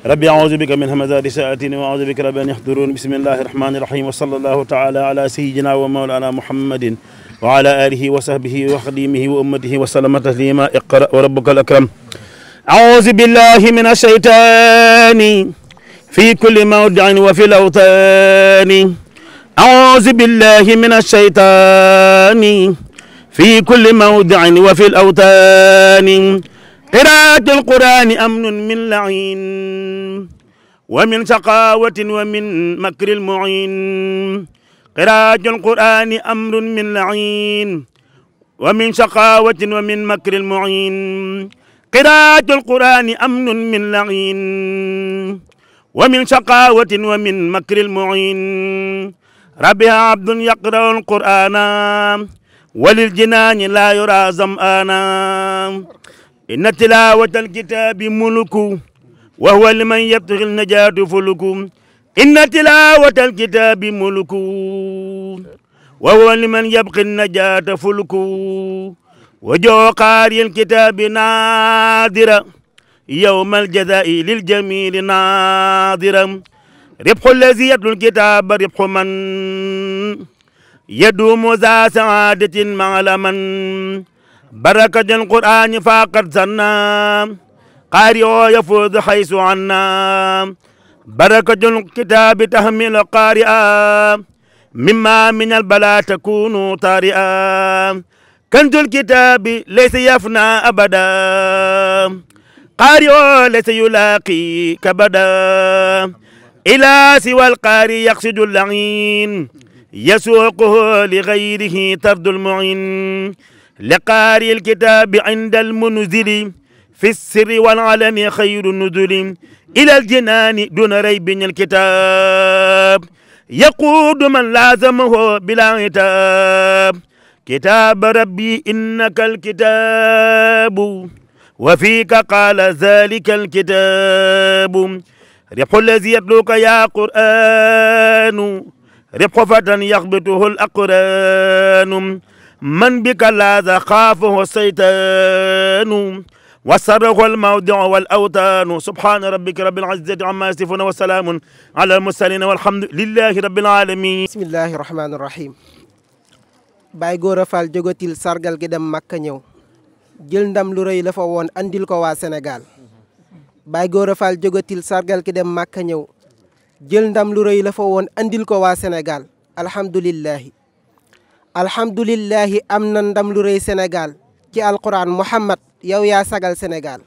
rabbi aouzu bika min hamazati saatin wa aouzu bika rabbi an yahduruun bismillahi rahmani rahim wa sallallahu taala ala sayyidina wa mawlana muhammadin wa ala alihi wa sahbihi wa xadimihi wa ummatihi wa sallama taslima iqra wa rabbuka al akram aouzu billahi min ashaytani في كل موضع وفي الأوطان أعوذ بالله من الشيطان في كل موضع وفي الأوطان قراءة القرآن أمن من لعين ومن شقاوة ومن مكر المعين قراءة القرآن أمر من لعين ومن شقاوة ومن مكر المعين قراءة القرآن أمن من لعين wa min shaqaawatin wa min makril mu'in rabbiha abdun yaqra'u alqur'ana walil jinaani laa yura zam'ana inna tilawata alkitabi muluku wa huwa liman yabtaghi alnajaatu fuluku inna tilawata alkitabi muluku wa huwa liman yabqi alnajaata fuluku wa jooqaari alkitabi naadira يوم الجزاء للجميل ناظرا ربح الذي يتلو الكتاب ربح من يدوم ذا سعادة مع لمن بركة القرآن فقد زنا قارئ يفوز حيث عنا بركة الكتاب تحمل قارئا مما من البلاء تكون طارئا كنز الكتاب ليس يفنى أبدا قارئ ليس يلاقيك بدا إلى سوى القارئ يقصد اللعين يسوقه لغيره ترد المعين لقارئ الكتاب عند المنزل في السر والعلن خير النزل إلى الجنان دون ريب الكتاب يقود من لازمه بلا عتاب كتاب ربي إنك الكتاب wa fiika qaala zaalika alkitaabu ribxu lazi yatluuka yaa qur'aanu ribxu fatan yaxbituhu alaqraanu man bika laaza xaafahu saytaanu wasarahu almawdiu wal awtaanu subhaana rabbika rabbil izzati ammaa yasifuuna wa salaamun ala almursaliina walhamdu lillahi rabbil aalamiin. bismillahi rahmaani rahiim. Baay Góora Faal jógatil sargal gi dem Makka ñëw. jël ndam lu rëy la fa woon andil ko waa Sénégal Baye Gora Fall jógatil sargal ki dem Màkka ñëw jël ndam lu rëy la fa woon andil ko waa Sénégal alhamdulillahi alhamdulillahi am na ndam lu rëy Sénégal ci alquran Muhammad yow yaa sagal Sénégal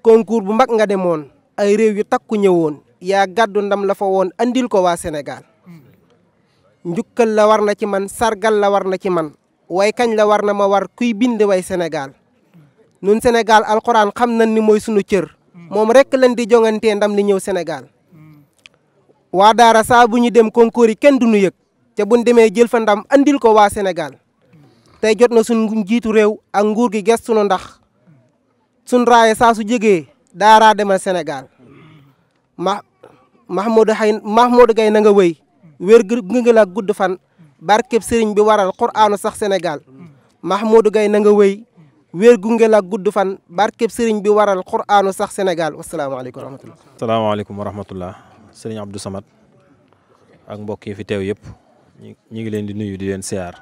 concours bu mag nga demoon ay réew yu takku ñëwoon yaa gàddu ndam la fa woon andil ko waa Sénégal njukkal la war na ci man sargal la war na ci man way kañ la war na ma war kuy bind way Sénégal nun Sénégal alxuraan xam nañ ni mooy sunu cër moom rekk lañ di jongantee ndam li ñëw Sénégal waa daara saa bu ñu dem concours yi kenn du ñu yëg te buñ demee jël fa ndam andil ko waa Sénégal tey jot na suñ jiitu réew ak nguur gi ges sunu ndax suñ raaye saa su jege daaraa demal Sénégal ma Mahmoud Hay Mahmoud Gaye na nga wéy wér gudd fan barkeb sëriñ bi waral quraanu sax Sénégal Mahmoudou Gaye na nga wéy wéer gunge la gudd fan barkeb sëriñ bi waral quraanu sax Sénégal wasalaamaaleykum wa rahmatulah. salaamaaleykum wa rahmatulah sëriñ Abdou Samad ak mbokk yi fi teew yëpp ñu ngi leen di nuyu di leen siyaar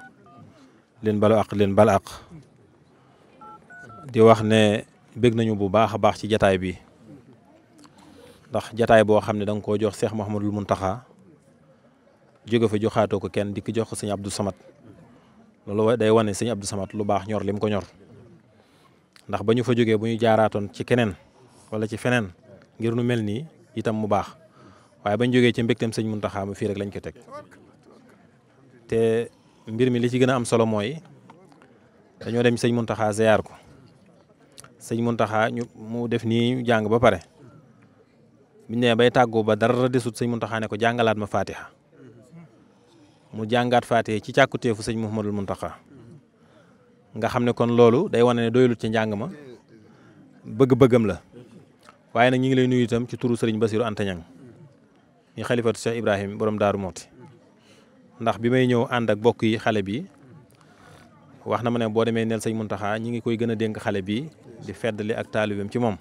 leen balu àq leen bal àq di wax ne bëgg nañu bu baax a baax ci jataay bi ndax jataay boo xam ne da nga koo jox Cheikh Mouhamadul Mountakha jóge fa joxaatoo ko kenn di jox ko sëñ Abdou Samad loolu day wane sëñ Abdou Samad lu baax ñor lim ko ñor ndax ba ñu fa jógee bu ñu jaaraatoon ci keneen wala ci feneen ngir nu mel nii itam mu baax waaye bañ jógee ci mbégteem sëñ Muntaxa mu fii rek lañ ko teg te mbir mi li ci gën a am solo mooy dañoo dem sëñ Muntaxa ziyaar ko sëñ Muntaxa ñu mu def nii jàng ba pare biñ ne bay tàggoo ba dara desut sëñ Muntaxa ne ko jàngalaat ma Fatiha. mu jàngaat faate ci càkkutéefu sëñ Mouhamadul Mountakha nga xam ne kon loolu day wane ne doyulut ci njàng ma bëgg-bëggam la waaye nag ñu ngi lay nuyu ci turu sëriñ Basiru Anta Ñang ñi xalifatu Cheikh Ibrahim borom Daaru Mooti ndax bi may ñëw ànd ak bokk yi xale bi wax na ma ne boo demee neel sëñ Mountakha ñi ngi koy gën a dénk xale bi di feddali ak taalibeem ci moom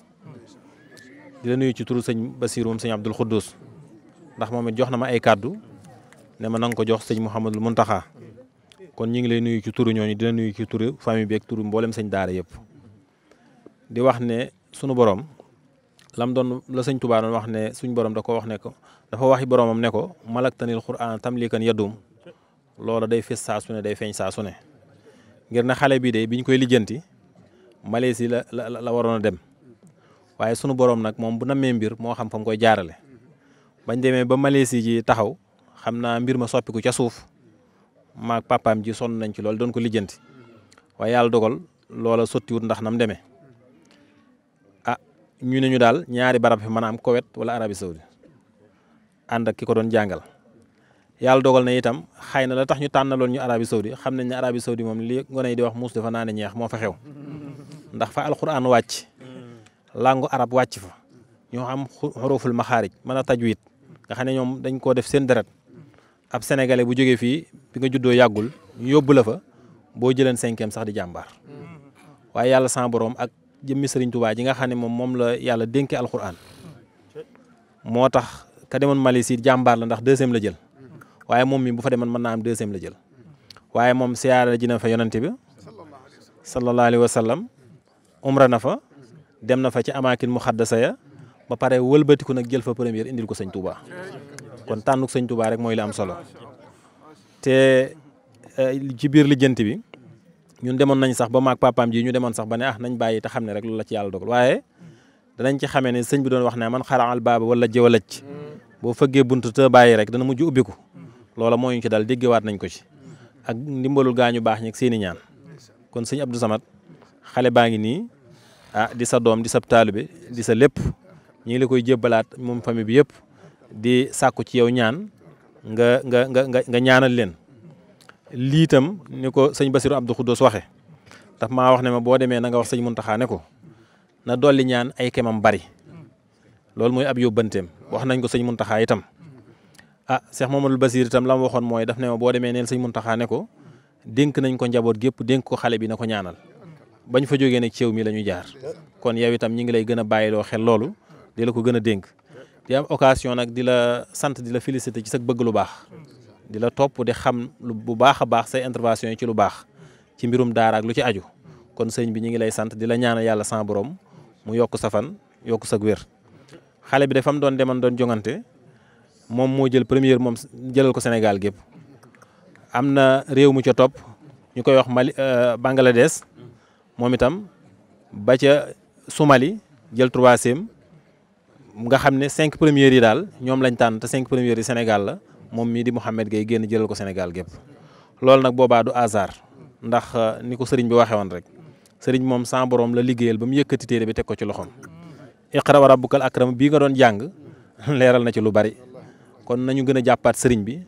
di la nuyu ci turu sëñ Basiru moom sëñ Abdul Xuddus ndax moom it jox na ma ay kàddu ne ma na nga ko jox sëñ Mouhamadul taxa kon ñu ngi lay nuyu ci turu ñooñu dina nuyu ci turu famille bi ak turu mboolem sëñ daara yëpp di wax ne sunu borom lam doon la sëñ Tuubaa doon wax ne suñu borom da ko wax ne ko dafa waxi boromam ne ko malaktanil Qur'an tamlikan yadum loola day fes saa su ne day feeñ saa ne ngir na xale bii de biñ koy lijjanti Malaisie la la la waroon dem waaye sunu borom nag moom bu namee mbir moo xam fa mu koy jaarale bañ demee ba Malaisie ji taxaw. xam naa mbir ma soppiku ca suuf maag papaam ji sonn nañ ci lool doon ko lijjanti waaye yàlla dogal loola sottiwut ndax nam demee ah ñu ne ñu daal ñaari barab fi mën a am Koweït wala Arabie Saoudite ànd ak ki doon jàngal yàlla dogal na itam xëy na la tax ñu tànnaloon ñu Arabie Saoudite xam nañ ne Arabie Saoudite moom li ngone yi di wax muus ñeex moo fa xew ndax fa alquran wàcc langu arab wàcc fa ñoo am xuruful maxaarij mën a tajwid nga xam ñoom dañ ab sénégalais bu jógee fii bi nga juddoo yàggul ñu yóbbu la fa boo jëleen cinquième sax di jàmbaar waaye yàlla sans borom ak jëmmi sëriñ Tuubaa ji nga xam ne moom moom la yàlla dénke alxuraan moo tax ka demoon Mali si jàmbaar la ndax deuxième la jël waaye moom mi bu fa demoon mën naa am deuxième la jël waaye moom siyaara ji na fa yonante bi sallallahu alayhi wa sallam umra na fa dem na fa ci amaakin muxaddasa ya ba pare wëlbatiku nag jël fa première indil ko sëñ Tuubaa kon tànnuk sëñ Touba rek mooy la am solo te eh, ci biir lijjanti bi ñun demoon nañ sax ba maag papaam ji ñu demoon sax ba ne ah nañ bàyyi te xam ne rek loolu la ci yàlla dogal waaye danañ ci xamee ne sëñ bi doon wax ne man xaraal baaba wala jëwalaj boo fëggee buntu bàyyi rek dana mujj ubbiku loola moo ñu ci dal déggewaat nañ ko ci ak ndimbalul gaañu baax ñi ak seeni ñaan kon sëñ Abdou Samad xale baa ngi nii ah di sa doom di sa bi di sa lépp ñu ngi la koy jébbalaat moom famille bi yëpp di sàkku ci yow ñaan nga nga nga nga nga ñaanal leen lii itam ni ko sëñ Basiru Abdou Khoudous waxe daf maa wax ne ma boo demee na nga wax sëñ Muntaxa ne ko na dolli ñaan ay kemam bari loolu mooy ab yóbbanteem wax nañ ko sëñ Muntaxa itam ah Cheikh Mamadou Basir itam la ma waxoon mooy daf ne ma boo demee neel sëñ Muntaxa ne ko dénk nañ ko njaboot gépp dénk ko xale bi na ko ñaanal bañ fa jógee nag ceew mi la jaar kon yow itam ñi ngi lay gën a bàyyiloo xel loolu di la ko gën a dénk di am occasion nag di la sant di la féliciter ci sag bëgg lu baax di la topp di xam lu bu baax a baax say intervention yi ci lu baax ci mbirum daara ak lu ci aju kon sëñ bi ñu ngi lay sant di la ñaanal yàlla sans borom mu yokk sa fan yokk sa wér xale bi dafa am doon deman doon jongante moom moo jël première moom jëlal ko Sénégal gépp am na réew mu ca topp ñu koy wax Mali euh, Bangladesh moom itam ba ca sumali jël troisième nga xam ne cinq premières yi daal ñoom lañ tànn te cinq premières yi Sénégal la moom mii di Mouhamed gay génn jëlal ko senegal gépp loolu nag boobaa du hasard ndax euh, ni ko sëriñ bi waxee woon rek sëriñ moom sans borom la liggéeyal ba mu yëkkati téere bi teg ko ci loxoom. iqra wa rabbukal akram bii nga doon jàng leeral na ci lu bari kon nañu gën a jàppaat sëriñ bi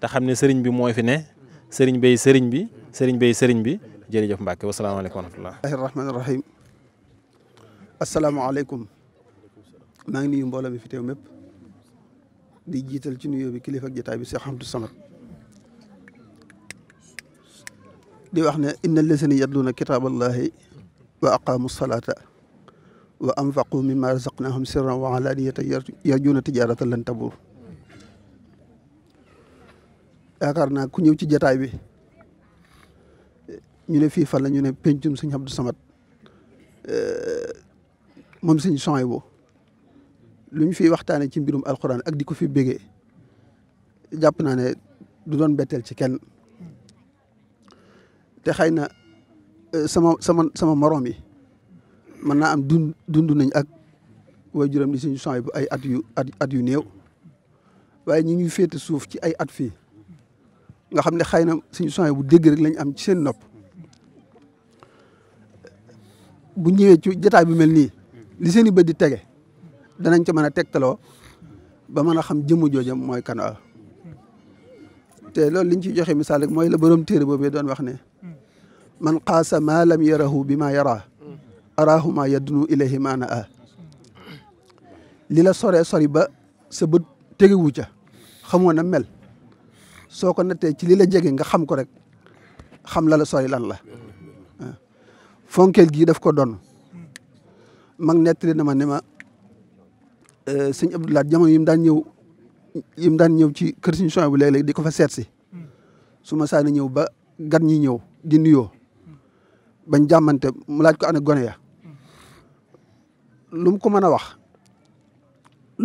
te xam ne sëriñ bi mooy fi ne sëriñ bay sëriñ bi sëriñ bay sëriñ bi jërëjëf Mbacke wasalaamaaleykum wa rahmatulah. rahmaani rahim maa ngi nuyu mbooloo mi fi teew mépp di jiital ci nuyoo bi kilifa ak jotaay bi Cheikh Abdou Samad di wax ne inna allazina yatluuna kitaaballahi wa aqaamu salaata wa anfaqu mimma razaqnahum sirran wa alaaniyatan yarjuuna tijaaratan lan tabuur yaakaar naa ku ñëw ci jotaay bi ñu ne fii fan la ñu ne pencum sëñ Abdou Samad eh, moom sëñ Souhaïbou lu ñu fiy waxtaanee ci mbirum alkuraan ak di ko fi bégee jàpp naa ne du doon betteel ci kenn te xëy na euh, sama sama sama moroom yi mën naa am dund dund nañ ak way juróom di suñu ay at yu at yu néew waaye ñu ñuy féete suuf ci ay at fii nga xam ne xëy na suñu champs bu dégg rek lañ am ci seen nopp bu ñëwee ci jotaay bu mel nii li seen i bët di tege. danañ ca mën a tegtaloo ba mën a xam jëmm jooja mooy kan waaw te loolu liñ ci joxe misaal rek mooy la borom téere boobee doon wax ne man qaasa ma lam yarahu bi ma yara araahu ma yaddunu ilayhi maana a li la soree sori ba sa bët tegewu ca xamoo na mel soo ko nattee ci li la jege nga xam ko rek xam la la sori lan la fonkeel gii daf ko doon mag nettali na ma ne ma Euh, sëñ Abdou Lahad jamono yi mu daan ñëw mu daan ñëw ci kër sëñ Souhaïbou bu léeg-léeg di ko fa seet si su ma saana ñëw ba gan ñi ñëw di nuyoo bañ jàmmante mu laaj ko ana gone lum lu mu ko mën a wax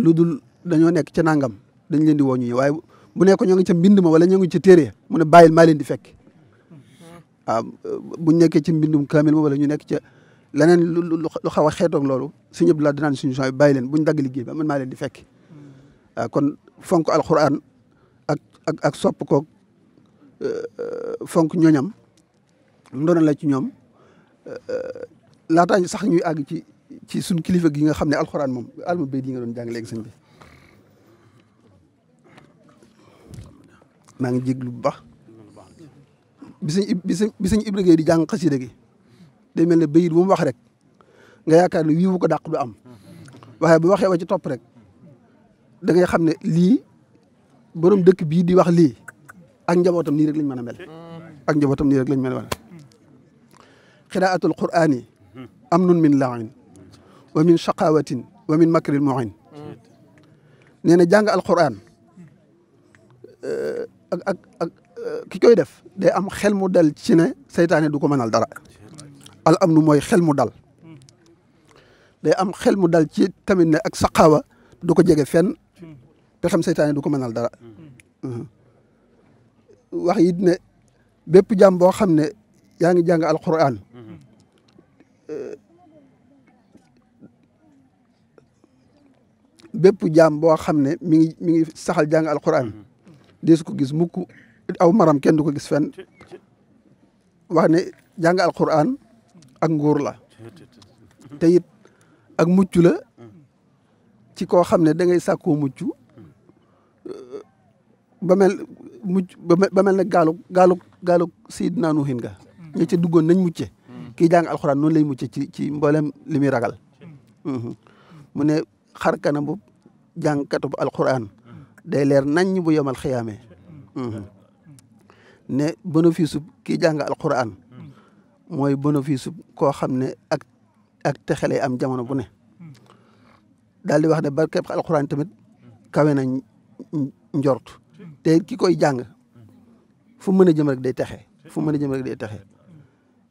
lu dul dañoo nekk ci nangam da leen di woo ñu ñëw waaye bu nekkoon ñoo ngi ca mbind ma wala ñoo ngi ca téere mu ne bàyyil maa leen fekk mm-hmm. bu nekk nekkee ci mbindum kaamil ma wala ñu nekk ca. leneen lu lu xaw a xeetoog loolu suñu yëpp laa dinaan suñu son bàyyi leen bu ñu dagg liggéey ba man maa leen di fekk hmm. ah, kon fonk alxuraan ak ak ak sopp koog eh, eh, fonk ñooñam ndoona la ci ñoom eh, laataa sax ñuy àgg ci ci suñ kilifa gi nga xam ne alxuraan moom alma bay yi nga doon jàng léegi sëñ bi maa ngi jéglu bu baax bi sëñ bi sëñ bi sëñ Ibra Gueye di jàng xasida gi day mel ne bayit bu mu wax rek nga yaakaar ne wii bu ko dàq du am waaye bu waxee ba ci topp rek da ngay xam ne lii borom dëkk bii di wax lii ak njabootam nii rek lañ mën a mel ak njabootam nii rek lañ mel qiraatul qur'ani min la'in wa min shaqawatin wa min makril mu'in nee na jàng alquran eh, eh, ki koy def day am xel mu dal ci ne seytaane du ko mënal dara al amnu mooy xel mu dal day am xel mu dal ci tamit ne ak saqaawa du ko jege fenn te seytaane du ko mënal dara wax it ne bépp jàmm boo xam ne yaa ngi jàng alquran bépp jaam boo xam ne mi ngi mi ngi saxal jàng alquran dees ko gis mukk aw maram kenn du ko gis fenn wax ne jàng alquran ak nguur la te ak mucc la ci koo xam ne dangay ngay sàkkoo mucc ba mel mucc ba mel ne gaalug gaalug gaalug Seydina Nuuhin ga mm. ñi duggoon nañ mucce mm. kii jàng alxuraan noonu lay mucce ci ci mboolem li muy ragal mm. mm-hmm. mu ne xar kanam bu jàngkatu bu alxuraan day leer naññ bu yomal xiyaamee mm-hmm. ne bénéfice kii mooy bénéfice koo xam ne ak ak texe lay am jamono bu ne daal di wax ne barkeb alxuraan tamit kawe njort te ki koy jàng fu mën a jëm day texe mën a jëm rek day texe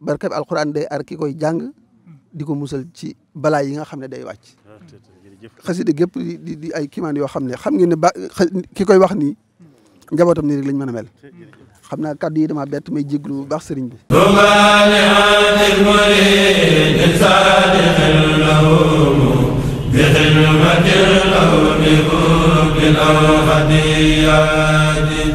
barkeb alxuraan day ar ki koy jàng di ko musal ci balaa yi nga xam ne day wàcc ah, xasida gépp di ay kimaan yoo xam ne xam ngeen ne ba ki koy wax nii njabootam nii rek lañ mën a mel xam naa kàddu yi dama bett may jéglu bu baax sëriñ bi